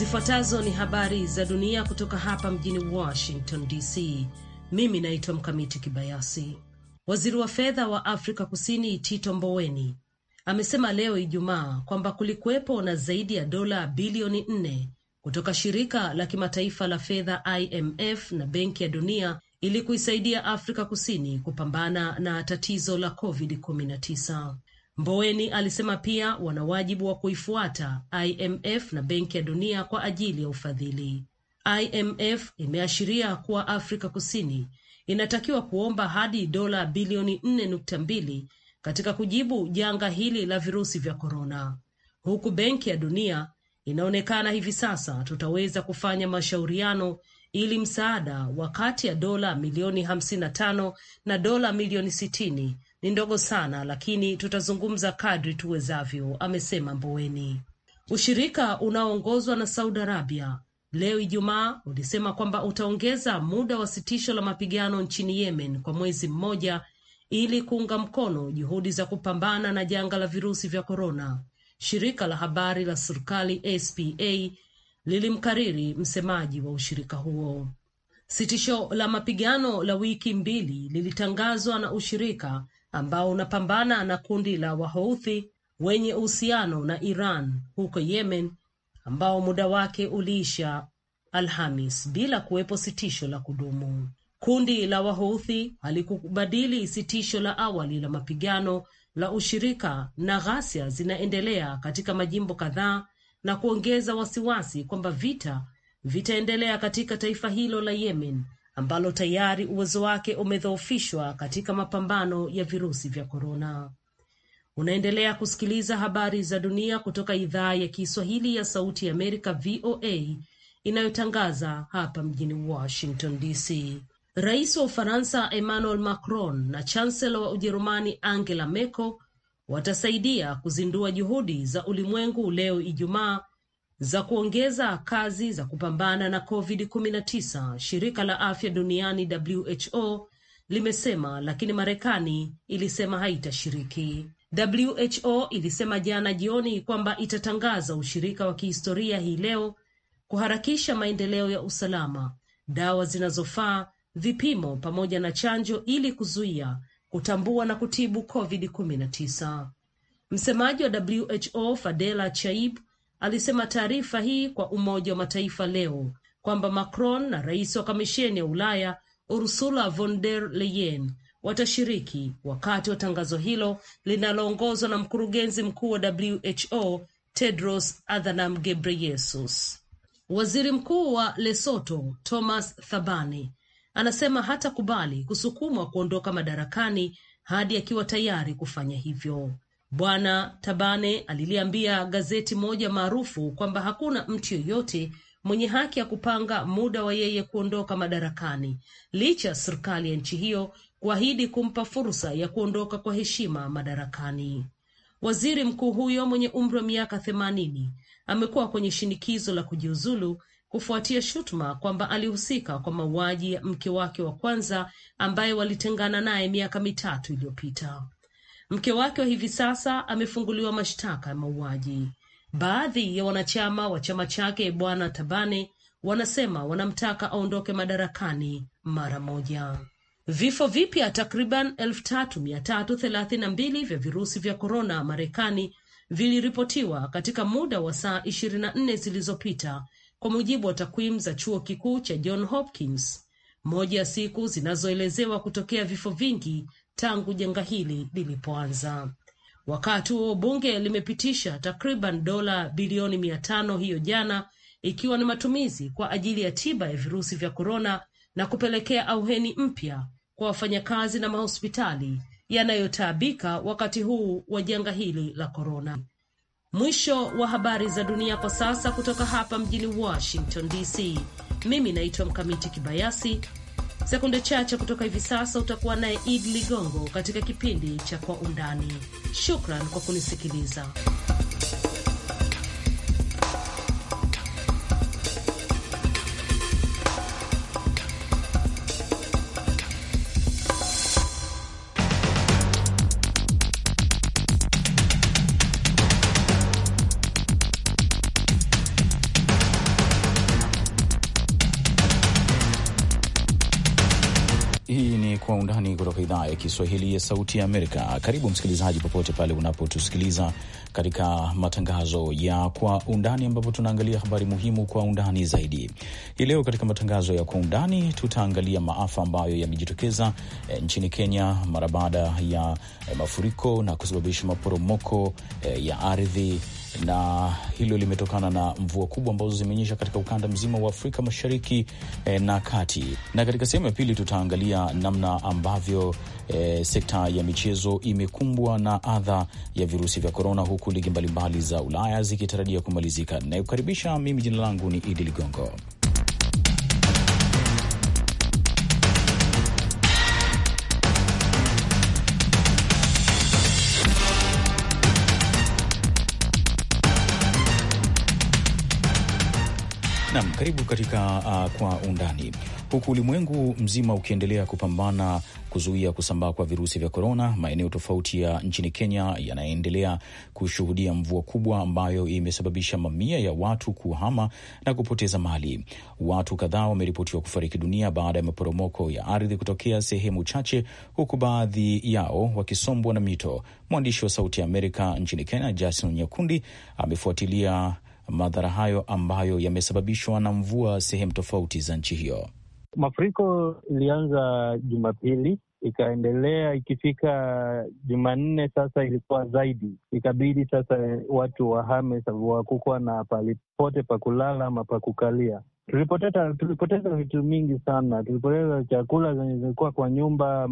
Zifuatazo ni habari za dunia kutoka hapa mjini Washington DC. Mimi naitwa Mkamiti Kibayasi. Waziri wa fedha wa Afrika Kusini Tito Mboweni amesema leo Ijumaa kwamba kulikuwepo na zaidi ya dola bilioni nne kutoka shirika la kimataifa la fedha IMF na Benki ya Dunia ili kuisaidia Afrika Kusini kupambana na tatizo la COVID-19. Mboweni alisema pia wana wajibu wa kuifuata IMF na Benki ya Dunia kwa ajili ya ufadhili. IMF imeashiria kuwa Afrika Kusini inatakiwa kuomba hadi dola bilioni 4.2 katika kujibu janga hili la virusi vya korona, huku Benki ya Dunia inaonekana hivi sasa tutaweza kufanya mashauriano ili msaada wa kati ya dola milioni 55 na dola milioni 60 ni ndogo sana, lakini tutazungumza kadri tuwezavyo, amesema Mboweni. Ushirika unaoongozwa na Saudi Arabia leo Ijumaa ulisema kwamba utaongeza muda wa sitisho la mapigano nchini Yemen kwa mwezi mmoja ili kuunga mkono juhudi za kupambana na janga la virusi vya korona. Shirika la habari la serikali SPA lilimkariri msemaji wa ushirika huo. Sitisho la mapigano la wiki mbili lilitangazwa na ushirika ambao unapambana na kundi la Wahouthi wenye uhusiano na Iran huko Yemen ambao muda wake uliisha Alhamis bila kuwepo sitisho la kudumu. Kundi la Wahouthi halikubadili sitisho la awali la mapigano la ushirika, na ghasia zinaendelea katika majimbo kadhaa na kuongeza wasiwasi kwamba vita vitaendelea katika taifa hilo la Yemen ambalo tayari uwezo wake umedhoofishwa katika mapambano ya virusi vya korona. Unaendelea kusikiliza habari za dunia kutoka idhaa ya Kiswahili ya Sauti ya Amerika, VOA, inayotangaza hapa mjini Washington DC. Rais wa Ufaransa Emmanuel Macron na chanselo wa Ujerumani Angela Merkel watasaidia kuzindua juhudi za ulimwengu leo Ijumaa za kuongeza kazi za kupambana na COVID-19, shirika la afya duniani WHO limesema, lakini Marekani ilisema haitashiriki. WHO ilisema jana jioni kwamba itatangaza ushirika wa kihistoria hii leo kuharakisha maendeleo ya usalama, dawa zinazofaa, vipimo pamoja na chanjo ili kuzuia, kutambua na kutibu COVID-19. Msemaji wa WHO Fadela Chaib alisema taarifa hii kwa Umoja wa Mataifa leo kwamba Macron na rais wa Kamisheni ya Ulaya Ursula von der Leyen watashiriki wakati wa tangazo hilo linaloongozwa na mkurugenzi mkuu wa WHO Tedros Adhanom Ghebreyesus. Waziri Mkuu wa Lesotho Thomas Thabane anasema hatakubali kusukumwa kuondoka madarakani hadi akiwa tayari kufanya hivyo. Bwana Tabane aliliambia gazeti moja maarufu kwamba hakuna mtu yoyote mwenye haki ya kupanga muda wa yeye kuondoka madarakani licha ya serikali ya nchi hiyo kuahidi kumpa fursa ya kuondoka kwa heshima madarakani. Waziri mkuu huyo mwenye umri wa miaka themanini amekuwa kwenye shinikizo la kujiuzulu kufuatia shutuma kwamba alihusika kwa mauaji ya mke wake wa kwanza ambaye walitengana naye miaka mitatu iliyopita. Mke wake wa hivi sasa amefunguliwa mashtaka ya mauaji. Baadhi ya wanachama wa chama chake Bwana Tabane wanasema wanamtaka aondoke madarakani mara moja. Vifo vipya takriban elfu tatu mia tatu thelathini na mbili vya virusi vya korona Marekani viliripotiwa katika muda wa saa ishirini na nne zilizopita kwa mujibu wa takwimu za chuo kikuu cha John Hopkins. Moja ya siku zinazoelezewa kutokea vifo vingi tangu janga hili lilipoanza. Wakati huo bunge limepitisha takriban dola bilioni mia tano hiyo jana, ikiwa ni matumizi kwa ajili ya tiba ya virusi vya korona na kupelekea auheni mpya kwa wafanyakazi na mahospitali yanayotaabika wakati huu wa janga hili la korona. Mwisho wa habari za dunia kwa sasa kutoka hapa mjini Washington DC. Mimi naitwa Mkamiti Kibayasi. Sekunde chache kutoka hivi sasa utakuwa naye Id Ligongo katika kipindi cha Kwa Undani. Shukran kwa kunisikiliza. ya Sauti ya Amerika. Karibu msikilizaji, popote pale unapotusikiliza katika matangazo ya Kwa Undani, ambapo tunaangalia habari muhimu kwa undani zaidi. Hii leo katika matangazo ya Kwa Undani tutaangalia maafa ambayo yamejitokeza e, nchini Kenya mara baada ya e, mafuriko na kusababisha maporomoko e, ya ardhi na hilo limetokana na mvua kubwa ambazo zimeonyesha katika ukanda mzima wa Afrika Mashariki e, na kati. Na katika sehemu ya pili tutaangalia namna ambavyo e, sekta ya michezo imekumbwa na adha ya virusi vya korona, huku ligi mbalimbali za Ulaya zikitarajia kumalizika. Nayekukaribisha mimi jina langu ni Idi Ligongo. Nam, karibu katika uh, kwa undani. Huku ulimwengu mzima ukiendelea kupambana kuzuia kusambaa kwa virusi vya korona, maeneo tofauti ya nchini Kenya yanaendelea kushuhudia mvua kubwa ambayo imesababisha mamia ya watu kuhama na kupoteza mali. Watu kadhaa wameripotiwa kufariki dunia baada ya maporomoko ya ardhi kutokea sehemu chache, huku baadhi yao wakisombwa na mito. Mwandishi wa Sauti ya Amerika nchini Kenya, Jason Nyakundi amefuatilia madhara hayo ambayo yamesababishwa na mvua sehemu tofauti za nchi hiyo. Mafuriko ilianza Jumapili ikaendelea ikifika Jumanne, sasa ilikuwa zaidi, ikabidi sasa watu wahame, sababu hakukuwa na palipote pa kulala ama pa kukalia. Tulipoteza, tulipoteza vitu mingi sana. Tulipoteza chakula zenye zilikuwa kwa nyumba,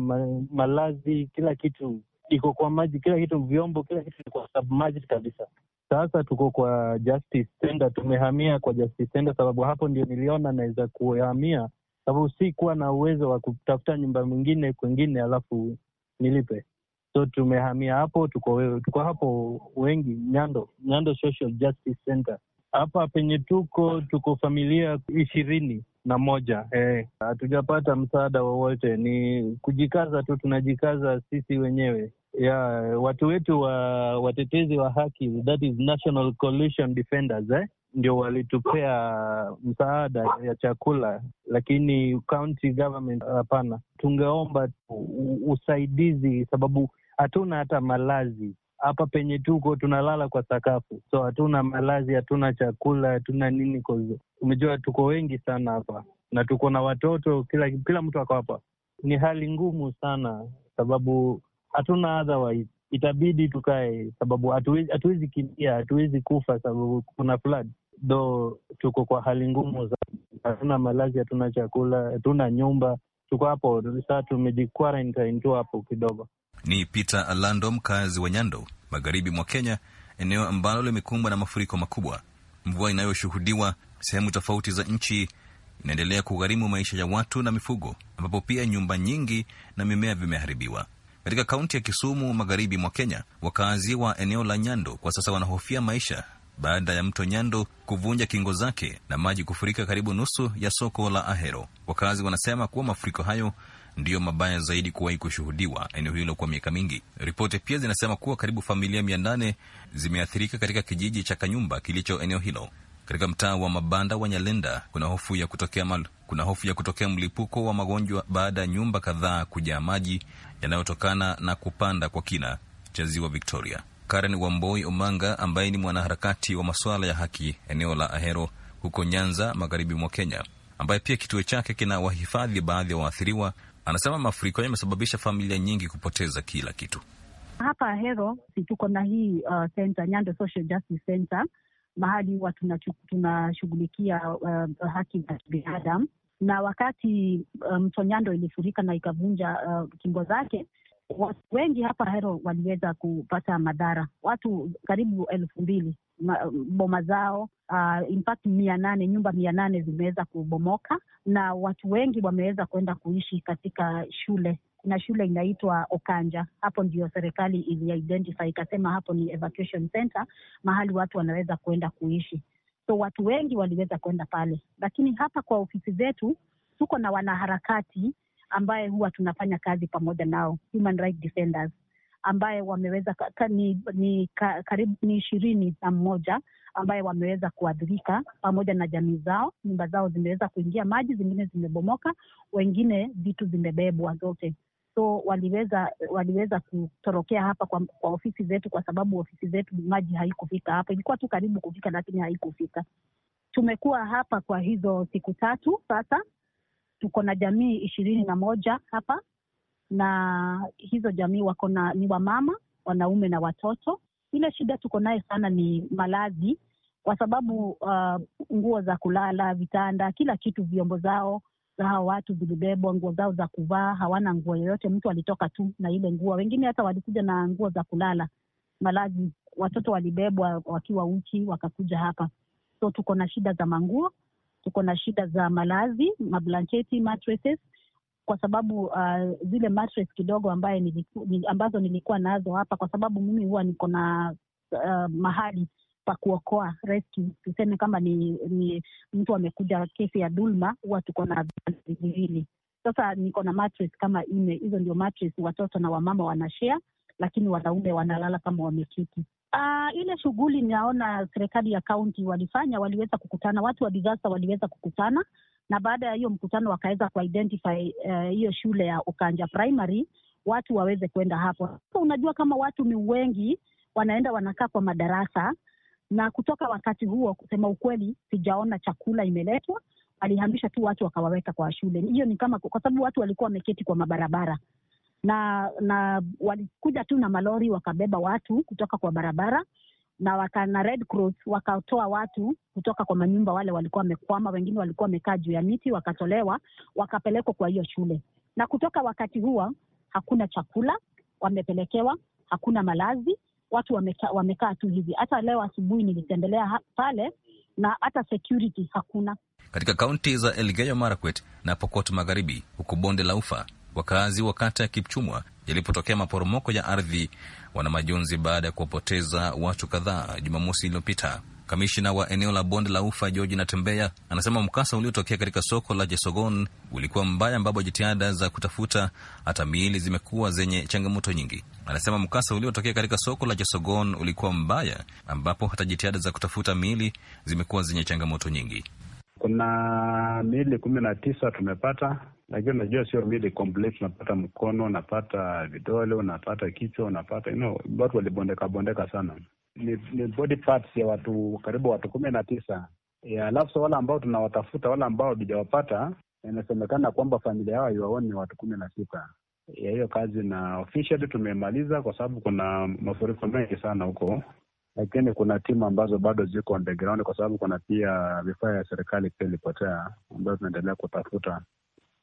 malazi, kila kitu iko kwa maji, kila kitu, vyombo, kila kitu sababu maji kabisa. Sasa tuko kwa Justice Center, tumehamia kwa Justice Center sababu hapo ndio niliona naweza kuhamia, sababu si kuwa na uwezo wa kutafuta nyumba mwingine kwengine alafu nilipe. So tumehamia hapo, tuko tuko hapo wengi Nyando, Nyando Social Justice Center. Hapa penye tuko tuko familia ishirini na moja eh. hatujapata eh, msaada wowote. Ni kujikaza tu, tunajikaza sisi wenyewe yeah, watu wetu wa watetezi wa haki that is National Coalition Defenders eh? ndio walitupea msaada ya chakula, lakini county government hapana. Tungeomba usaidizi, sababu hatuna hata malazi hapa penye tuko tunalala kwa sakafu, so hatuna malazi, hatuna chakula, hatuna nini. Umejua tuko wengi sana hapa na tuko na watoto, kila kila mtu ako hapa. Ni hali ngumu sana, sababu hatuna otherwise, itabidi tukae, sababu hatuwezi kimbia, hatuwezi kufa sababu kuna flood, do tuko kwa hali ngumu zaidi. Hatuna malazi, hatuna chakula, hatuna nyumba, tuko hapo saa tumejiquarantine tu hapo kidogo. Ni Peter Alando, mkazi wa Nyando, magharibi mwa Kenya, eneo ambalo limekumbwa na mafuriko makubwa. Mvua inayoshuhudiwa sehemu tofauti za nchi inaendelea kugharimu maisha ya watu na mifugo, ambapo pia nyumba nyingi na mimea vimeharibiwa. Katika kaunti ya Kisumu, magharibi mwa Kenya, wakazi wa eneo la Nyando kwa sasa wanahofia maisha baada ya mto Nyando kuvunja kingo zake na maji kufurika karibu nusu ya soko la Ahero. Wakazi wanasema kuwa mafuriko hayo ndiyo mabaya zaidi kuwahi kushuhudiwa eneo hilo kwa miaka mingi. Ripoti pia zinasema kuwa karibu familia mia nane zimeathirika katika kijiji cha Kanyumba kilicho eneo hilo katika mtaa wa mabanda wa Nyalenda kuna hofu ya kutokea mal kuna hofu ya kutokea mlipuko wa magonjwa baada ya nyumba kadhaa kujaa maji yanayotokana na kupanda kwa kina cha ziwa Victoria. Karen Wamboi Omanga ambaye ni mwanaharakati wa masuala ya haki eneo la Ahero huko Nyanza, magharibi mwa Kenya, ambaye pia kituo chake kina wahifadhi baadhi ya wa waathiriwa, anasema mafuriko yamesababisha familia nyingi kupoteza kila kitu. Hapa Ahero tuko na hii uh, center, Nyando Social Justice Center mahali huwa tunashughulikia uh, haki za kibinadamu na wakati uh, mto um, Nyando ilifurika na ikavunja uh, kingo zake, watu wengi hapa hero waliweza kupata madhara, watu karibu elfu mbili boma zao uh, in fact mia nane nyumba mia nane zimeweza kubomoka na watu wengi wameweza kuenda kuishi katika shule kuna shule inaitwa Okanja. Hapo ndio serikali iliidentify ikasema hapo ni evacuation center, mahali watu wanaweza kuenda kuishi. So watu wengi waliweza kuenda pale, lakini hapa kwa ofisi zetu tuko na wanaharakati ambaye huwa tunafanya kazi pamoja nao, human rights defenders ambaye wameweza ka, ni, ni ka, karibu ni ishirini na mmoja ambaye wameweza kuadhirika pamoja na jamii zao. Nyumba zao zimeweza kuingia maji, zingine zimebomoka, wengine vitu zimebebwa zote so waliweza waliweza kutorokea hapa kwa, kwa ofisi zetu, kwa sababu ofisi zetu maji haikufika hapa, ilikuwa tu karibu kufika, lakini haikufika. Tumekuwa hapa kwa hizo siku tatu sasa, tuko na jamii ishirini na moja hapa, na hizo jamii wako na ni wamama, wanaume na watoto. Ile shida tuko naye sana ni malazi, kwa sababu uh, nguo za kulala, vitanda, kila kitu, vyombo zao hawa watu zilibebwa, nguo zao za kuvaa, hawana nguo yoyote. Mtu alitoka tu na ile nguo, wengine hata walikuja na nguo za kulala, malazi. Watoto walibebwa wakiwa uchi wakakuja hapa, so tuko na shida za manguo, tuko na shida za malazi, mablanketi, mattresses kwa sababu uh, zile mattress kidogo ambaye niliku, ambazo nilikuwa nazo hapa, kwa sababu mimi huwa niko na uh, mahali pa kuokoa rescue. Tuseme kama ni, ni mtu amekuja kesi ya dhulma, huwa tuko na vitanda viwili. Sasa niko na mattress kama nne, hizo ndio mattress watoto na wamama wanashare, lakini wanaume wanalala kama wamekiti. Uh, ah, ile shughuli naona serikali ya kaunti walifanya, waliweza kukutana, watu wa disaster waliweza kukutana, na baada ya hiyo mkutano wakaweza kuidentify eh, hiyo uh, shule ya Ukanja Primary, watu waweze kwenda hapo. unajua kama watu ni wengi wanaenda wanakaa kwa madarasa na kutoka wakati huo, kusema ukweli, sijaona chakula imeletwa. Walihamisha tu watu wakawaweka kwa shule. Hiyo ni kama kwa sababu watu walikuwa wameketi kwa mabarabara na na walikuja tu na malori wakabeba watu kutoka kwa barabara na waka, na Red Cross wakatoa watu kutoka kwa manyumba, wale walikuwa wamekwama, wengine walikuwa wamekaa juu ya miti, wakatolewa wakapelekwa kwa hiyo shule. Na kutoka wakati huo hakuna chakula wamepelekewa, hakuna malazi, watu wamekaa wameka tu hivi. Hata leo asubuhi nilitembelea pale na hata security hakuna. Katika kaunti za Elgeyo Marakwet na Pokot Magharibi, huku bonde la Ufa, wakazi wa kata ya Kipchumwa yalipotokea maporomoko ya ardhi wana majonzi baada ya kuwapoteza watu kadhaa Jumamosi iliyopita. Kamishina wa eneo la bonde la ufa George Natembeya anasema mkasa uliotokea katika soko la Jesogon ulikuwa mbaya, ambapo jitihada za kutafuta hata miili zimekuwa zenye changamoto nyingi. Anasema mkasa uliotokea katika soko la Jesogon ulikuwa mbaya, ambapo hata jitihada za kutafuta miili zimekuwa zenye changamoto nyingi. Kuna miili kumi na tisa tumepata, lakini unajua sio miili complete. Unapata mkono, unapata vidole, unapata kichwa, unapata you know, watu walibondeka bondeka sana ni, ni body parts ya watu karibu watu kumi na tisa. E, alafu wale ambao tunawatafuta wale ambao hatujawapata, inasemekana kwamba familia yao haiwaoni watu kumi na sita ya hiyo kazi, na officially tumemaliza kwa sababu kuna mafuriko mengi sana huko, lakini kuna timu ambazo bado ziko underground kwa sababu kuna pia vifaa ya serikali pia ilipotea ambayo tunaendelea kutafuta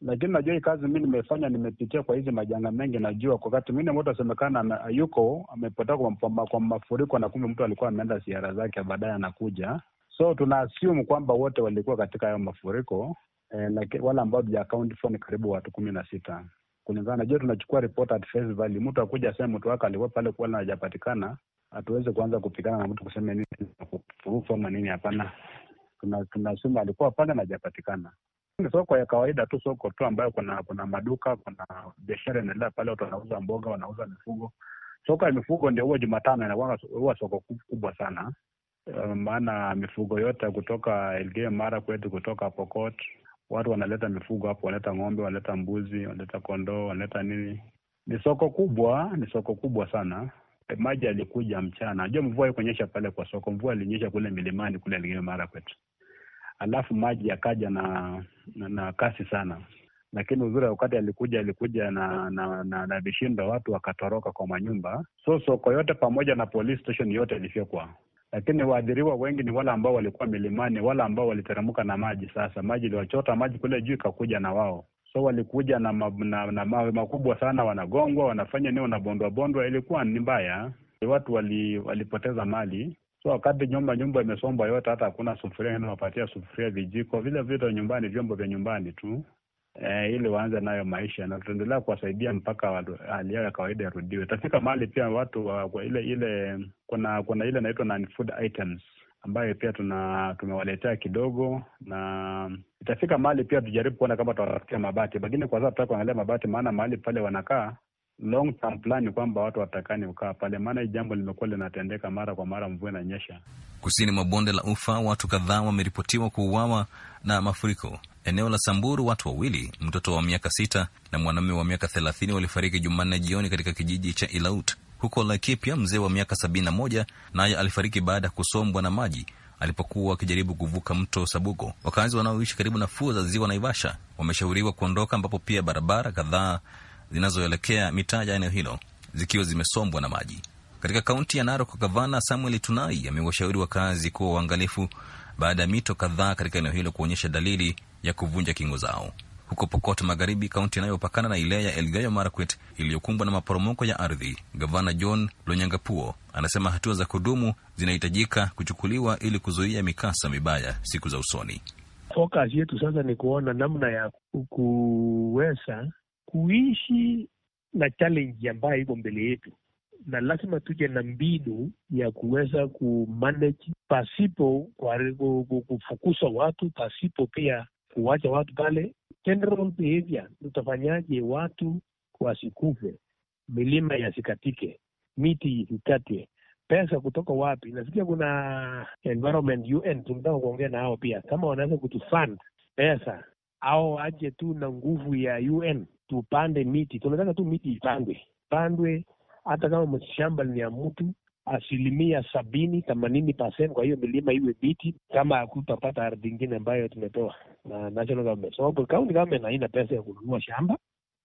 lakini najua hii kazi mi nimefanya, nimepitia kwa hizi majanga mengi, najua kwa wakati mwingine mtu asemekana yuko amepotea kwa, kwa mafuriko na kumbe mtu alikuwa ameenda ziara zake, baadaye anakuja. So tuna assume kwamba wote walikuwa katika hayo mafuriko eh, like, wale ambao tuja account for ni karibu watu kumi na sita kulingana. Najua tunachukua report at face value, mtu akuja asema mtu wake alikuwa pale kuala hajapatikana, hatuwezi kuanza kupigana na mtu kusema nini kurufu ama nini, hapana. Tunasema alikuwa pale na hajapatikana. Ni soko ya kawaida tu, soko tu ambayo kuna kuna maduka, kuna biashara inaendelea pale, watu wanauza mboga, wanauza mifugo. Soko ya mifugo ndio huwa Jumatano inakuwa huwa soko kubwa sana, eh, maana mifugo yote kutoka Elgeyo Mara kwetu, kutoka Pokot, watu wanaleta mifugo hapo, wanaleta ng'ombe, wanaleta mbuzi, wanaleta kondoo, wanaleta nini. Ni soko kubwa, ni soko kubwa sana. Eh, maji alikuja mchana, najua mvua ikuonyesha pale kwa soko, mvua ilinyesha kule milimani kule Elgeyo Mara kwetu alafu maji yakaja na, na, na kasi sana lakini uzuri wakati alikuja alikuja na na, na, na vishindo, watu wakatoroka kwa manyumba. So soko yote pamoja na police station yote ilifyekwa, lakini waadhiriwa wengi ni wale ambao walikuwa milimani, wale ambao waliteremka na maji. Sasa maji iliwachota, maji kule juu ikakuja na wao, so walikuja na, ma, na, na mawe makubwa sana, wanagongwa, wanafanya nini, wanabondwa bondwa. Ilikuwa ni mbaya, watu wali, walipoteza mali So wakati nyumba nyumba imesombwa yote, hata hakuna sufuria inawapatia sufuria, vijiko, vile vitu nyumbani, vyombo vya nyumbani tu e, ili waanze nayo maisha, na tutaendelea kuwasaidia mpaka hali yao ya kawaida yarudiwe. Itafika mahali pia watu wa, kwa ile ile kuna kuna ile inaitwa non food items ambayo pia tuna tumewaletea kidogo, na itafika mahali pia tujaribu kuona kama tutawapatia mabati, lakini kwa sasa tutaka kuangalia mabati, maana mahali pale wanakaa long term plan ni kwamba watu watakani kukaa pale, maana hii jambo limekuwa linatendeka mara kwa mara, mvua inanyesha. Kusini mwa bonde la Ufa, watu kadhaa wameripotiwa kuuawa na mafuriko. Eneo la Samburu, watu wawili, mtoto wa miaka sita na mwanaume wa miaka thelathini walifariki Jumanne jioni katika kijiji cha Ilaut. Huko Laikipia, mzee wa miaka sabini na moja naye alifariki baada ya kusombwa na maji alipokuwa wakijaribu kuvuka mto Sabugo. Wakazi wanaoishi karibu na fuo za ziwa Naivasha wameshauriwa kuondoka, ambapo pia barabara kadhaa zinazoelekea mitaa ya eneo hilo zikiwa zimesombwa na maji. Katika kaunti ya Narok, gavana Samuel Tunai amewashauri wakazi kuwa uangalifu baada ya mito kadhaa katika eneo hilo kuonyesha dalili ya kuvunja kingo zao. Huko Pokot Magharibi, kaunti inayopakana na ile ya Elgeyo Marakwet iliyokumbwa na maporomoko ya ardhi, gavana John Lonyangapuo anasema hatua za kudumu zinahitajika kuchukuliwa ili kuzuia mikasa mibaya siku za usoni. Fokas yetu sasa ni kuona namna ya kuweza kuishi na challenge ambayo iko mbele yetu, na lazima tuje na mbinu ya kuweza kumanage pasipo kufukuza watu, pasipo pia kuwacha watu pale. General behavior, tutafanyaje watu wasikufe, milima yasikatike, miti isikate pesa kutoka wapi? Nasikia kuna environment UN, tunataka kuongea na hao pia, kama wanaweza kutufund pesa au aje tu na nguvu ya UN tupande miti, tunataka tu miti ipandwe pandwe, hata kama shamba ni ya mtu asilimia sabini themanini percent kwa hiyo milima iwe miti, kama hakutapata ardhi ingine ambayo tumepewa na national government, sababu so, kaunti government haina pesa ya kununua shamba.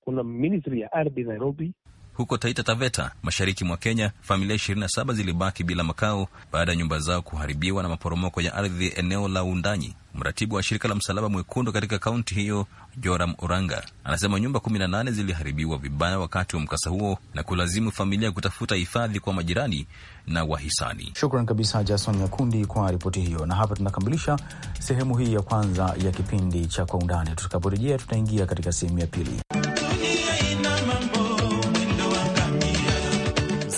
Kuna ministry ya ardhi Nairobi huko Taita Taveta, mashariki mwa Kenya, familia 27 zilibaki bila makao baada ya nyumba zao kuharibiwa na maporomoko ya ardhi eneo la Undanyi. Mratibu wa shirika la Msalaba Mwekundu katika kaunti hiyo Joram Oranga anasema nyumba kumi na nane ziliharibiwa vibaya wakati wa mkasa huo na kulazimu familia kutafuta hifadhi kwa majirani na wahisani. Shukran kabisa Jason Nyakundi kwa ripoti hiyo, na hapa tunakamilisha sehemu hii ya kwanza ya kipindi cha Kwa Undani. Tutakaporejea tutaingia katika sehemu ya pili.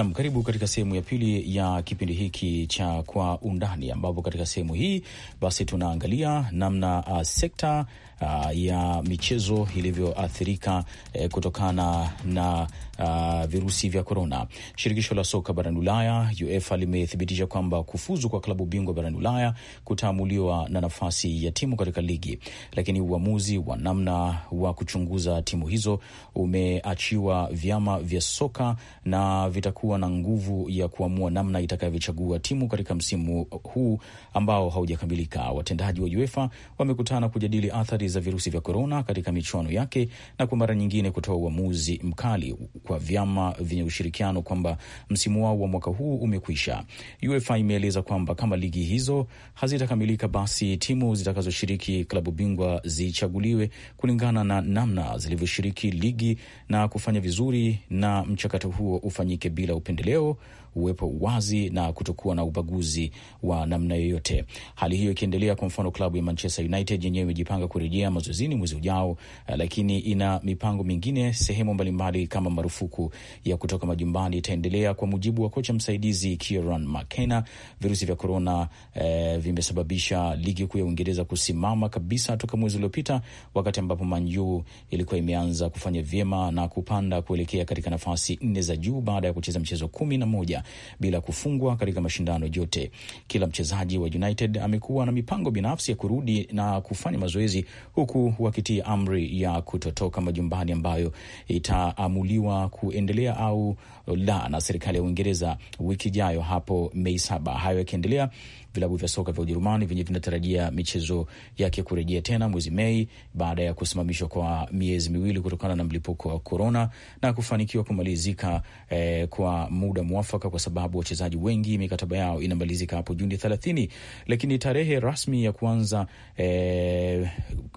Nam, karibu katika sehemu ya pili ya kipindi hiki cha Kwa Undani, ambapo katika sehemu hii basi tunaangalia namna uh, sekta uh, ya michezo ilivyoathirika uh, kutokana na uh, virusi vya korona. Shirikisho la soka barani Ulaya UEFA limethibitisha kwamba kufuzu kwa klabu bingwa barani Ulaya kutaamuliwa na nafasi ya timu katika ligi, lakini uamuzi wa namna wa kuchunguza timu hizo umeachiwa vyama vya soka na vitakuwa kuwa na nguvu ya kuamua namna itakavyochagua timu katika msimu huu ambao haujakamilika. Watendaji wa UEFA wamekutana kujadili athari za virusi vya korona katika michuano yake na kwa mara nyingine kutoa uamuzi mkali kwa vyama vyenye ushirikiano kwamba msimu wao wa mwaka huu umekwisha. UEFA imeeleza kwamba kama ligi hizo hazitakamilika, basi timu zitakazoshiriki klabu bingwa zichaguliwe kulingana na namna zilivyoshiriki ligi na kufanya vizuri, na mchakato huo ufanyike bila upendeleo uwepo wazi na kutokuwa na ubaguzi wa namna yoyote. Hali hiyo ikiendelea, kwa mfano klabu ya Manchester United yenyewe imejipanga kurejea mazoezini mwezi ujao, eh, lakini ina mipango mingine sehemu mbalimbali, mbali, kama marufuku ya kutoka majumbani itaendelea. Kwa mujibu wa kocha msaidizi Kieran McKenna, virusi vya korona eh, vimesababisha ligi kuu ya Uingereza kusimama kabisa toka mwezi uliopita, wakati ambapo Manju ilikuwa imeanza kufanya vyema na kupanda kuelekea katika nafasi nne za juu baada ya kucheza mchezo kumi na moja bila kufungwa katika mashindano yote. Kila mchezaji wa United amekuwa na mipango binafsi ya kurudi na kufanya mazoezi, huku wakitia amri ya kutotoka majumbani ambayo itaamuliwa kuendelea au la na serikali ya Uingereza wiki ijayo hapo Mei saba. Hayo yakiendelea vilabu vya soka vya Ujerumani vyenye vinatarajia michezo yake kurejea tena mwezi Mei baada ya kusimamishwa kwa miezi miwili kutokana na mlipuko wa korona na kufanikiwa kumalizika eh, kwa muda mwafaka, kwa sababu wachezaji wengi mikataba yao inamalizika hapo Juni thelathini, lakini tarehe rasmi ya kuanza eh,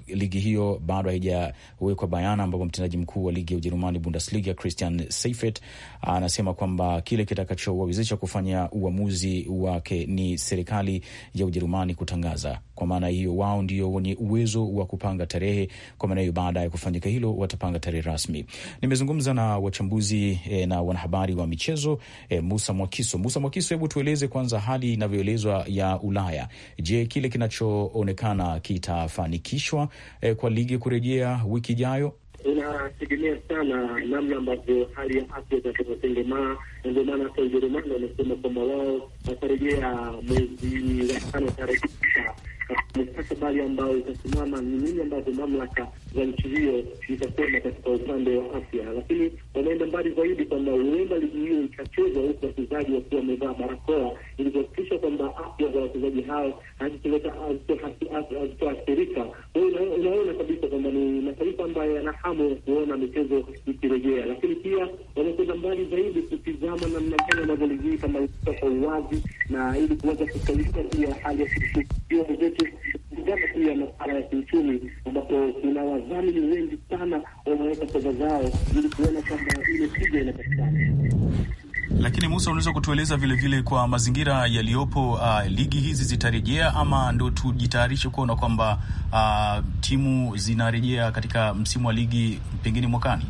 ligi hiyo bado haijawekwa bayana, ambapo mtendaji mkuu wa ligi ya Ujerumani Bundesliga Christian Seifert anasema kwamba kile kitakachowawezesha kufanya uamuzi wake ni serikali serikali ya Ujerumani kutangaza. Kwa maana hiyo, wao ndio wenye uwezo wa kupanga tarehe. Kwa maana hiyo, baada ya kufanyika hilo, watapanga tarehe rasmi. Nimezungumza na wachambuzi e, na wanahabari wa michezo e, Musa Mwakiso. Musa Mwakiso, hebu tueleze kwanza hali inavyoelezwa ya Ulaya. Je, kile kinachoonekana kitafanikishwa e, kwa ligi kurejea wiki ijayo? inategemea sana namna ambavyo hali ya afya itakapotengemaa, na ndio maana hata Ujerumani wamesema kwamba wao watarejea mwezi wa tano tarehe tisa mustakabali ambao itasimama ni nini ambavyo mamlaka za nchi hiyo zitasema katika upande wa afya, lakini wanaenda mbali zaidi kwamba huenda ligi hiyo ikachezwa huku wachezaji wakiwa wamevaa barakoa ili kuhakikisha kwamba afya za wachezaji hao hazitoathirika. Unaona kabisa kwamba ni mataifa ambayo yana hamu ya kuona michezo ikirejea, lakini pia wanakwenda mbali zaidi kutizama namna gani ambavyo ligi hii kama kwa uwazi na ili kuweza kustawisha pia hali ya shirikisho zetu jambo pia ya masuala ya kiuchumi, ambapo kuna wadhamini wengi sana wameweka fedha zao ili kuona kwamba ile tija inapatikana. Lakini Musa, unaweza kutueleza vilevile vile kwa mazingira yaliyopo, uh, ligi hizi zitarejea ama ndo tujitayarishe kuona kwamba uh, timu zinarejea katika msimu wa ligi pengine mwakani?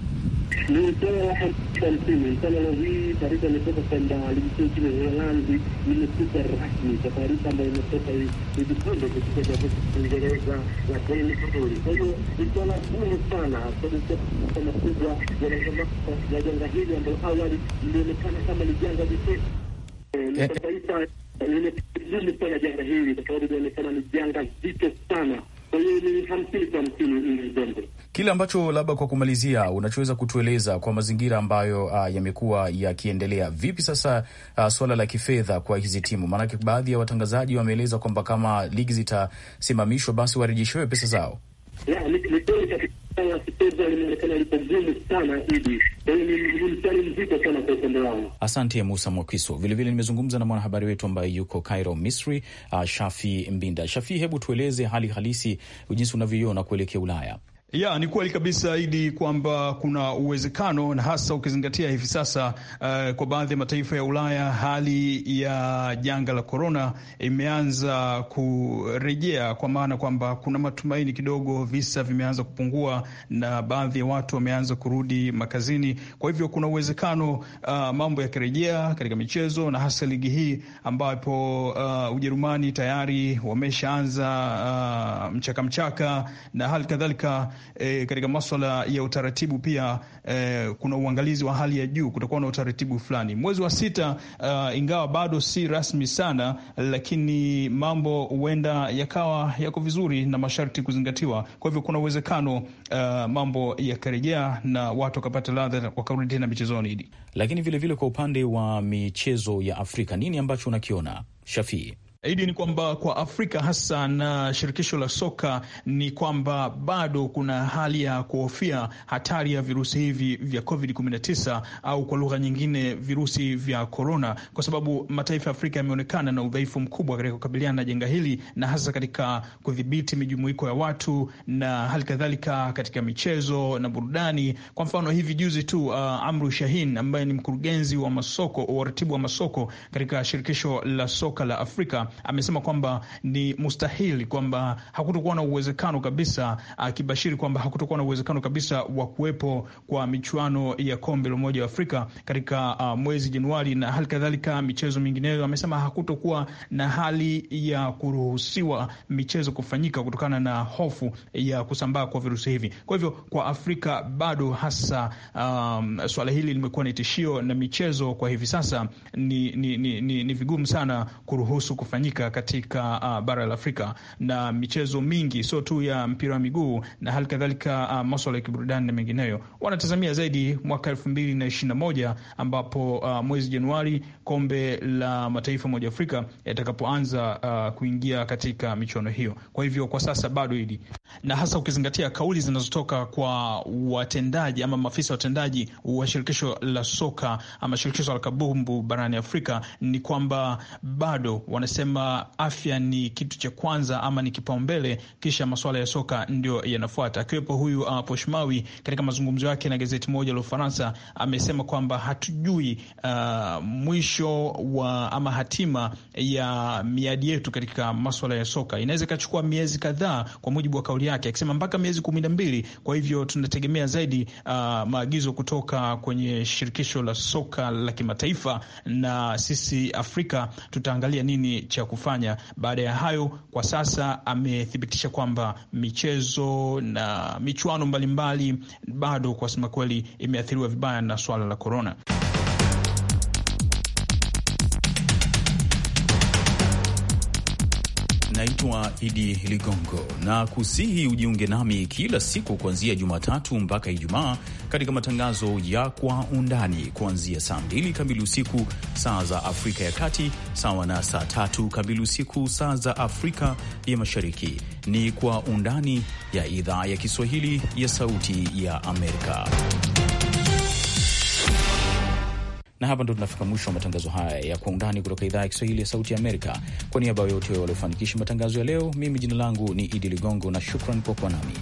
nilitoa hadi hamsini. Mfano leo hii taarifa imetoka kwamba ligi kuu nchini Uholanzi imepita rasmi kwa taarifa ambayo imetoka hivi punde kutoka kwa Kiingereza la Daily Stori. Kwa hiyo ni sana kwa makubwa ya janga hili kwa sababu ilionekana ni janga zito sana. Kwa hiyo ni hamsini kwa hamsini Kile ambacho labda kwa kumalizia unachoweza kutueleza kwa mazingira ambayo uh, yamekuwa yakiendelea vipi sasa uh, ah, suala la kifedha kwa hizi timu, maanake baadhi ya watangazaji wameeleza kwamba kama ligi zitasimamishwa basi warejeshewe pesa zao. Asante Musa Mwakiso. Vilevile nimezungumza na mwanahabari wetu ambaye yuko Cairo, Misri, uh, Shafi Mbinda. Shafi, hebu tueleze hali halisi jinsi unavyoiona kuelekea Ulaya. Ya, ni kweli kabisa Idi, kwamba kuna uwezekano na hasa ukizingatia hivi sasa uh, kwa baadhi ya mataifa ya Ulaya hali ya janga la korona imeanza kurejea, kwa maana kwamba kuna matumaini kidogo, visa vimeanza kupungua na baadhi ya watu wameanza kurudi makazini. Kwa hivyo kuna uwezekano uh, mambo yakirejea katika michezo na hasa ligi hii ambapo uh, Ujerumani tayari wameshaanza uh, mchaka mchaka na hali kadhalika e, katika maswala ya utaratibu pia e, kuna uangalizi wa hali ya juu, kutakuwa na utaratibu fulani mwezi wa sita. Uh, ingawa bado si rasmi sana, lakini mambo huenda yakawa yako vizuri na masharti kuzingatiwa. Kwa hivyo kuna uwezekano uh, mambo yakarejea na watu wakapata ladha wakarudi tena michezoni hidi. Lakini vilevile vile kwa upande wa michezo ya Afrika, nini ambacho unakiona Shafii? Aidi ni kwamba kwa Afrika hasa na shirikisho la soka ni kwamba bado kuna hali ya kuhofia hatari ya virusi hivi vya COVID-19 au kwa lugha nyingine virusi vya korona, kwa sababu mataifa ya Afrika yameonekana na udhaifu mkubwa katika kukabiliana na janga hili na hasa katika kudhibiti mijumuiko ya watu na hali kadhalika katika michezo na burudani. Kwa mfano hivi juzi tu uh, Amru Shahin ambaye ni mkurugenzi wa masoko, uratibu wa masoko katika shirikisho la soka la Afrika amesema kwamba ni mustahili kwamba hakutokuwa na uwezekano kabisa, akibashiri kwamba hakutokuwa na uwezekano kabisa wa kuwepo kwa michuano ya kombe la Umoja wa Afrika katika uh, mwezi Januari na hali kadhalika michezo mingineyo. Amesema hakutokuwa na hali ya kuruhusiwa michezo kufanyika kutokana na hofu ya kusambaa kwa virusi hivi. Kwa hivyo kwa Afrika bado hasa um, swala hili limekuwa ni tishio na michezo kwa hivi sasa ni, ni, ni, ni, ni vigumu sana kuruhusu kufanyika kufanyika katika uh, bara la Afrika na michezo mingi, sio tu ya mpira wa miguu na hali kadhalika uh, maswala ya kiburudani na mengineyo, wanatazamia zaidi mwaka elfu mbili na ishirini na moja ambapo uh, mwezi Januari kombe la mataifa moja Afrika yatakapoanza uh, kuingia katika michuano hiyo. Kwa hivyo kwa sasa bado hili na hasa ukizingatia kauli zinazotoka kwa watendaji ama maafisa watendaji wa shirikisho la soka ama shirikisho la kabumbu barani Afrika ni kwamba bado wanasema kwamba afya ni kitu cha kwanza ama ni kipaumbele, kisha masuala ya soka ndio yanafuata. Akiwepo huyu uh, Poshmawi katika mazungumzo yake na gazeti moja la Ufaransa amesema kwamba hatujui uh, mwisho wa ama hatima ya miadi yetu katika masuala ya soka, inaweza ikachukua miezi kadhaa, kwa mujibu wa kauli yake, akisema mpaka miezi kumi na mbili. Kwa hivyo tunategemea zaidi uh, maagizo kutoka kwenye shirikisho la soka la kimataifa, na sisi Afrika tutaangalia nini cha cha kufanya baada ya hayo. Kwa sasa amethibitisha kwamba michezo na michuano mbalimbali mbali, bado kwa sema kweli imeathiriwa vibaya na swala la korona. Naitwa Idi Ligongo na kusihi ujiunge nami kila siku kuanzia Jumatatu mpaka Ijumaa katika matangazo ya Kwa Undani kuanzia saa mbili kamili usiku saa za Afrika ya Kati sawa na saa tatu kamili usiku saa za Afrika ya Mashariki. Ni Kwa Undani ya idhaa ya Kiswahili ya Sauti ya Amerika. Na hapa ndo tunafika mwisho wa matangazo haya ya Kwa Undani kutoka idhaa ya Kiswahili ya Sauti ya Amerika. Kwa niaba yote waliofanikisha matangazo ya leo, mimi jina langu ni Idi Ligongo na shukran kwa kuwa nami.